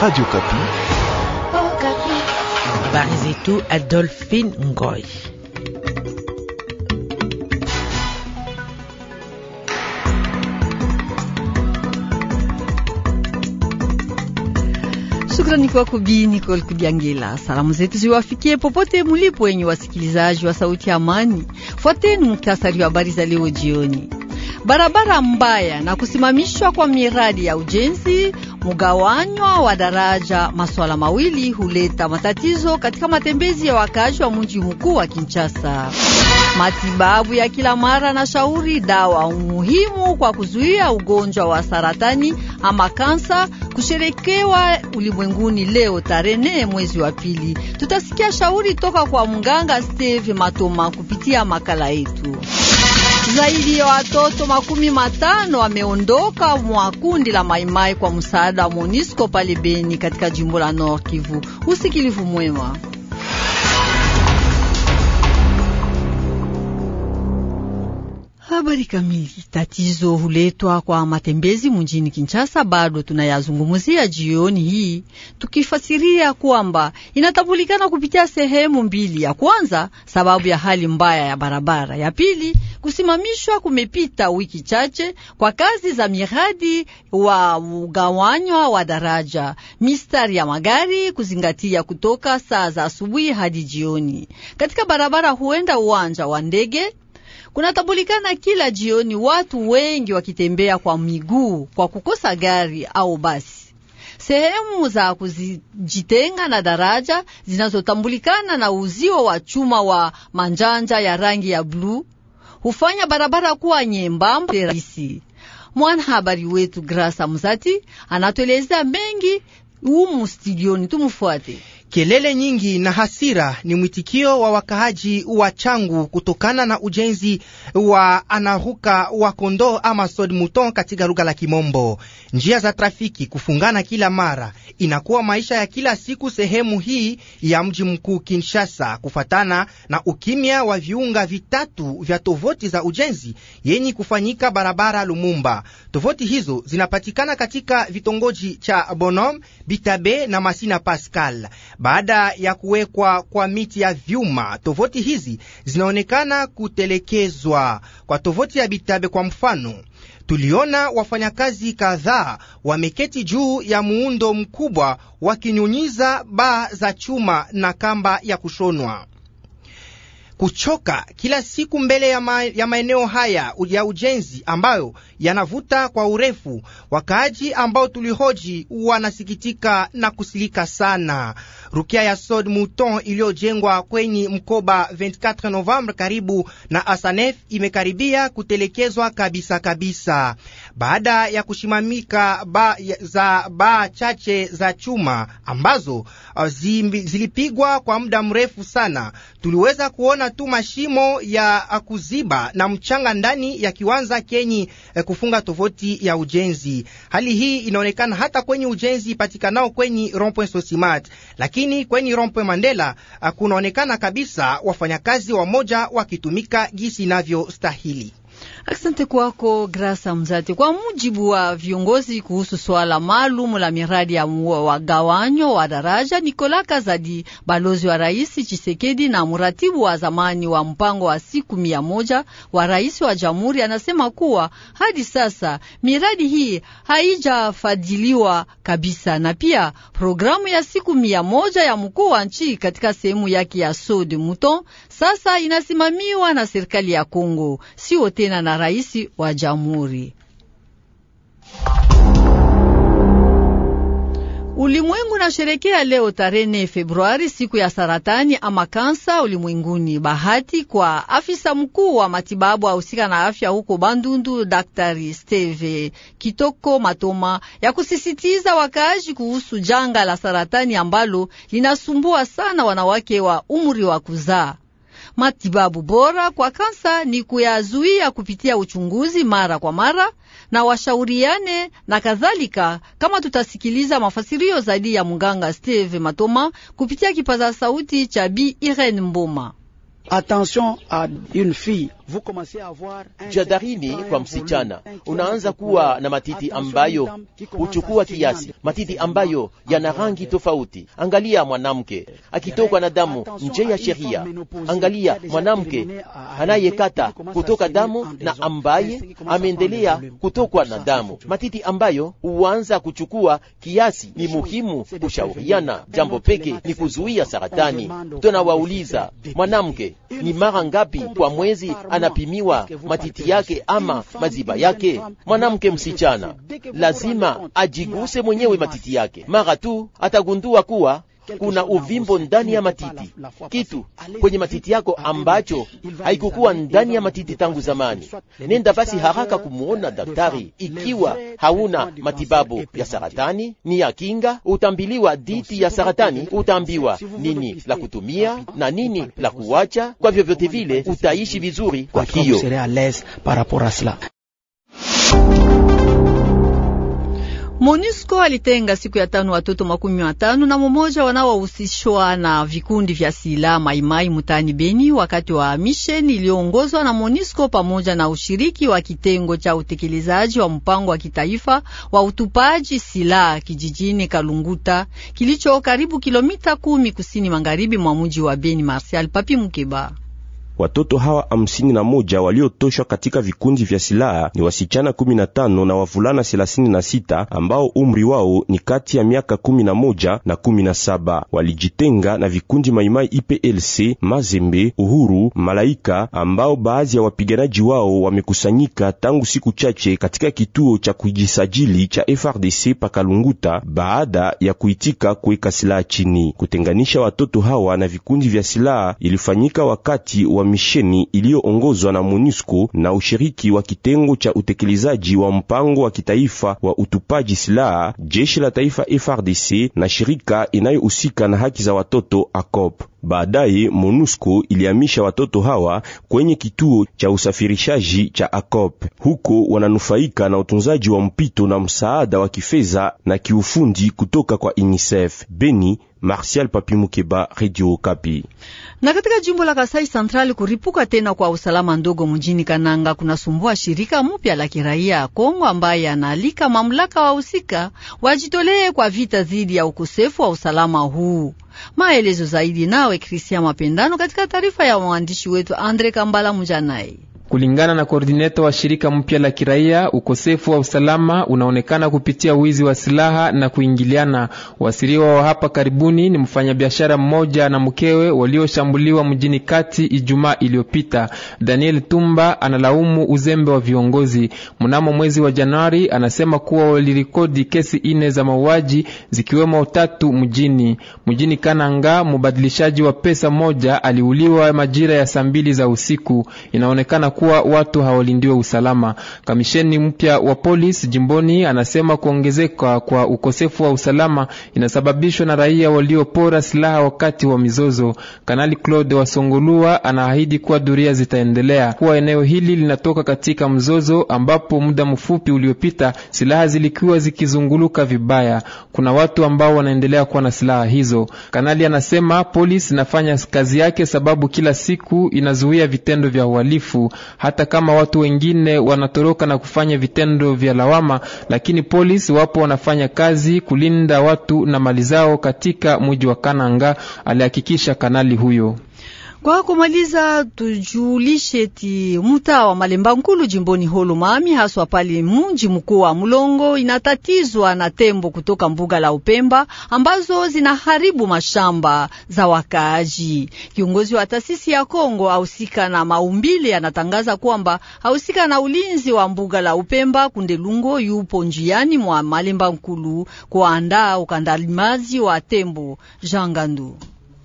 Radio Kapi. Oh, Kapi. Habari zetu Adolphine Ngoy. Shukrani kwako Bi Nicole Kudiangela. Salamu zetu ziwafikie popote mulipo, wenye wasikilizaji wa sauti ya amani. Fuateni muktasari wa habari za leo jioni barabara mbaya na kusimamishwa kwa miradi ya ujenzi, mugawanywa wa daraja. Masuala mawili huleta matatizo katika matembezi ya wakazi wa mji mkuu wa Kinshasa. Matibabu ya kila mara na shauri dawa muhimu kwa kuzuia ugonjwa wa saratani ama kansa kusherekewa ulimwenguni leo tarehe mwezi wa pili. Tutasikia shauri toka kwa mganga Steve Matoma kupitia makala yetu. Zaidi ya watoto makumi matano wameondoka mwa kundi la Maimai kwa msaada wa Monisco pale Beni katika jimbo la Nord Kivu. Usikilivu mwema. Habari kamili. Tatizo huletwa kwa matembezi mjini Kinshasa, bado tunayazungumzia jioni hii, tukifasiria kwamba inatambulikana kupitia sehemu mbili. Ya kwanza sababu ya hali mbaya ya barabara, ya pili kusimamishwa kumepita wiki chache kwa kazi za miradi wa ugawanywa wa daraja, mistari ya magari kuzingatia kutoka saa za asubuhi hadi jioni katika barabara, huenda uwanja wa ndege kunatambulikana kila jioni, watu wengi wakitembea kwa miguu kwa kukosa gari au basi. Sehemu za kuzijitenga na daraja zinazotambulikana na uzio wa chuma wa manjanja ya rangi ya bluu hufanya barabara kuwa nyembamba rahisi. Mwanahabari wetu Grasa Mzati anatuelezea mengi umu studioni, tumufuate. Kelele nyingi na hasira ni mwitikio wa wakaaji wa Changu kutokana na ujenzi wa anaruka wa kondoo ama sod muton katika lugha la Kimombo. Njia za trafiki kufungana kila mara, inakuwa maisha ya kila siku sehemu hii ya mji mkuu Kinshasa, kufatana na ukimya wa viunga vitatu vya tovoti za ujenzi yenye kufanyika barabara Lumumba. Tovoti hizo zinapatikana katika vitongoji cha Bonom, Bitabe na Masina Pascal. Baada ya kuwekwa kwa miti ya vyuma, tovuti hizi zinaonekana kutelekezwa. Kwa tovuti ya Bitabe kwa mfano, tuliona wafanyakazi kadhaa wameketi juu ya muundo mkubwa wakinyunyiza baa za chuma na kamba ya kushonwa. Kuchoka kila siku mbele ya, ma, ya maeneo haya ya ujenzi ambayo yanavuta kwa urefu, wakaaji ambao tulihoji wanasikitika na kusilika sana. Rukia ya Sod Mouton iliyojengwa kwenye mkoba 24 Novembre karibu na Asanef imekaribia kutelekezwa kabisa kabisa baada ya kushimamika ba, za baa chache za chuma ambazo uh, zilipigwa kwa muda mrefu sana. Tuliweza kuona tu mashimo ya uh, kuziba na mchanga ndani ya kiwanza kenyi eh, kufunga tofauti ya ujenzi. Hali hii inaonekana hata kwenye ujenzi patikanao kwenye rond Sosimat lakini lakini kweni Rompe Mandela ah, kunaonekana kabisa wafanyakazi wamoja wakitumika gisi inavyostahili. Asante kwako Grasa Mzati. Kwa mujibu wa viongozi kuhusu swala maalum la miradi ya wagawanyo wa daraja, Nikola Kazadi, balozi wa Rais Chisekedi na mratibu wa zamani wa mpango wa siku mia moja wa rais wa jamhuri, anasema kuwa hadi sasa miradi hii haijafadhiliwa kabisa, na pia programu ya siku mia moja ya mkuu wa nchi katika sehemu yake ya Sud Muton sasa inasimamiwa na serikali ya Kongo, sio tena kukutana na rais wa jamhuri. Ulimwengu unasherekea leo tarehe 4 Februari siku ya saratani ama kansa ulimwenguni. Bahati kwa afisa mkuu wa matibabu ahusika na afya huko Bandundu, Daktari Steve Kitoko Matoma, ya kusisitiza wakaaji kuhusu janga la saratani ambalo linasumbua sana wanawake wa umri wa kuzaa. Matibabu bora kwa kansa ni kuyazuia kupitia uchunguzi mara kwa mara na washauriane na kadhalika, kama tutasikiliza mafasirio zaidi ya munganga Steve Matoma kupitia kipaza sauti cha Bi Irene Mboma. Attention à une fille. jadarini kwa msichana, unaanza kuwa na matiti ambayo huchukua kiasi, matiti ambayo yana rangi tofauti. Angalia mwanamke akitokwa na damu nje ya sheria, angalia mwanamke anayekata kutoka damu na ambaye ameendelea kutokwa na damu, matiti ambayo huanza kuchukua kiasi. Ni muhimu kushauriana, jambo peke ni kuzuia saratani. Tunawauliza mwanamke ni mara ngapi kwa mwezi anapimiwa matiti yake ama maziba yake? Mwanamke msichana lazima ajiguse mwenyewe matiti yake, mara tu atagundua kuwa kuna uvimbo ndani ya matiti, kitu kwenye matiti yako ambacho haikukuwa ndani ya matiti tangu zamani. Nenda basi haraka kumwona daktari, ikiwa hauna matibabu ya saratani ni ya kinga, utambiliwa diti ya saratani, utaambiwa nini la kutumia na nini la kuwacha. Kwa vyovyote vile utaishi vizuri. Kwa hiyo MONUSCO alitenga siku ya tano watoto makumi matano na mmoja wanaohusishwa na vikundi vya silaha maimai mutani Beni wakati wa misheni iliyoongozwa na MONUSCO pamoja na ushiriki wa kitengo cha utekelezaji wa mpango wa kitaifa wa utupaji silaha kijijini Kalunguta kilicho karibu kilomita kumi kusini magharibi mwa mji wa Beni. Marsial Papi Mukeba Watoto hawa hamsini na moja waliotoshwa katika vikundi vya silaha ni wasichana kumi na tano na wavulana thelathini na sita ambao umri wao ni kati ya miaka kumi na moja na kumi na saba walijitenga na vikundi Maimai IPLC, Mazembe, Uhuru, Malaika ambao baadhi ya wapiganaji wao wamekusanyika tangu siku chache katika kituo cha kujisajili cha FRDC pakalunguta baada ya kuitika kuweka silaha chini. Kutenganisha watoto hawa na vikundi vya silaha ilifanyika wakati wa misheni iliyoongozwa na MONUSCO na ushiriki wa kitengo cha utekelezaji wa mpango wa kitaifa wa utupaji silaha, jeshi la taifa FRDC na shirika inayohusika na haki za watoto ACOP. Baadaye MONUSCO iliamisha watoto hawa kwenye kituo cha usafirishaji cha ACOP. Huko wananufaika na utunzaji wa mpito na msaada wa kifedha na kiufundi kutoka kwa UNICEF. Beni, Martial Papi Mukeba, Radio Kapi. Na katika jimbo la Kasai Central kuripuka tena kwa usalama ndogo mjini Kananga kunasumbua shirika mpya la kiraia Kongo ambaye analika mamlaka wahusika wajitolee kwa vita dhidi ya ukosefu wa usalama huu. Maelezo zaidi nawe Kristia Mapendano katika taarifa ya mwandishi wetu Andre Kambala Mujanai. Kulingana na koordineta wa shirika mpya la kiraia, ukosefu wa usalama unaonekana kupitia wizi wa silaha na kuingiliana. Wasiriwa wa hapa karibuni ni mfanyabiashara mmoja na mkewe walioshambuliwa mjini kati Ijumaa iliyopita. Daniel Tumba analaumu uzembe wa viongozi. Mnamo mwezi wa Januari, anasema kuwa walirekodi kesi nne za mauaji zikiwemo tatu mjini mjini Kananga. Mubadilishaji wa pesa moja aliuliwa majira ya saa mbili za usiku. Inaonekana kuwa watu hawalindiwe usalama. Kamisheni mpya wa polisi jimboni anasema kuongezeka kwa ukosefu wa usalama inasababishwa na raia waliopora silaha wakati wa mizozo. Kanali Claude Wasongolua anaahidi kuwa duria zitaendelea kuwa eneo hili linatoka katika mzozo ambapo muda mfupi uliopita silaha zilikuwa zikizunguluka vibaya. Kuna watu ambao wanaendelea kuwa na silaha hizo. Kanali anasema polisi inafanya kazi yake sababu kila siku inazuia vitendo vya uhalifu hata kama watu wengine wanatoroka na kufanya vitendo vya lawama, lakini polisi wapo wanafanya kazi kulinda watu na mali zao katika mji wa Kananga, alihakikisha kanali huyo. Kwa kumaliza tujulishe ti mtaa wa Malemba Nkulu jimboni holomami Mami, haswa pale mji mkuu wa Mulongo, inatatizwa na tembo kutoka mbuga la Upemba ambazo zinaharibu mashamba za wakaaji. Kiongozi wa taasisi ya Kongo ahusika na maumbile anatangaza kwamba ahusika na ulinzi wa mbuga la Upemba Kundelungo yupo njiani mwa Malemba Nkulu kuandaa ukandalimazi wa tembo Gandu.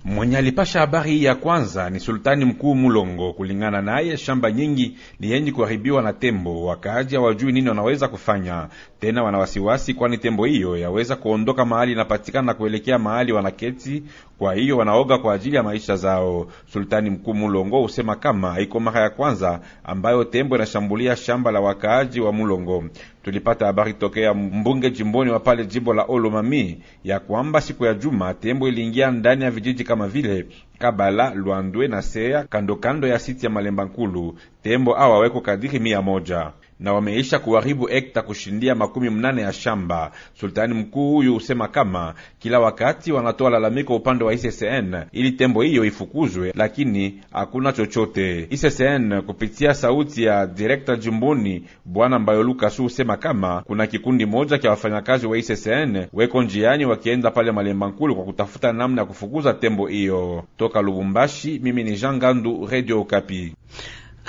Mwenye alipasha habari ya kwanza ni sultani mkuu Mulongo. Kulingana naye, shamba nyingi ni yenye kuharibiwa na tembo. Wakaaji hawajui nini wanaweza kufanya tena, wanawasiwasi kwani tembo hiyo yaweza kuondoka mahali inapatikana na kuelekea mahali wanaketi. Kwa hiyo wanaoga kwa ajili ya maisha zao. Sultani mkuu Mulongo husema kama iko mara ya kwanza ambayo tembo inashambulia shamba la wakaaji wa Mulongo. Tulipata habari tokea mbunge jimboni wa pale jimbo la Olomami ya kwamba siku ya juma tembo iliingia ndani ya vijiji kama vile Kabala, Lwandwe na Seya kandokando ya siti ya Malemba Nkulu. Tembo awa weko kadiri mia moja na wameisha kuharibu hekta kushindia makumi mnane ya shamba. Sultani mkuu huyu husema kama kila wakati wanatoa lalamiko upande wa issn ili tembo hiyo ifukuzwe, lakini hakuna chochote. issn kupitia sauti ya direkta jimboni bwana Mbayo Lukasu husema kama kuna kikundi moja kya wafanyakazi wa issn weko njiani wakienda pale Malemba Nkulu kwa kutafuta namna ya kufukuza tembo hiyo. Toka Lubumbashi, mimi ni Jean Gandu, Radio Okapi.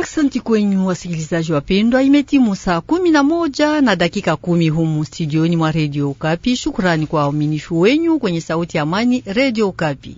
Aksanti kwenyu wasikilizaji wapendwa, imetimu saa kumi na moja na dakika kumi humu studioni mwa redio Ukapi. Shukurani kwa uaminifu wenyu kwenye sauti ya amani, redio Ukapi.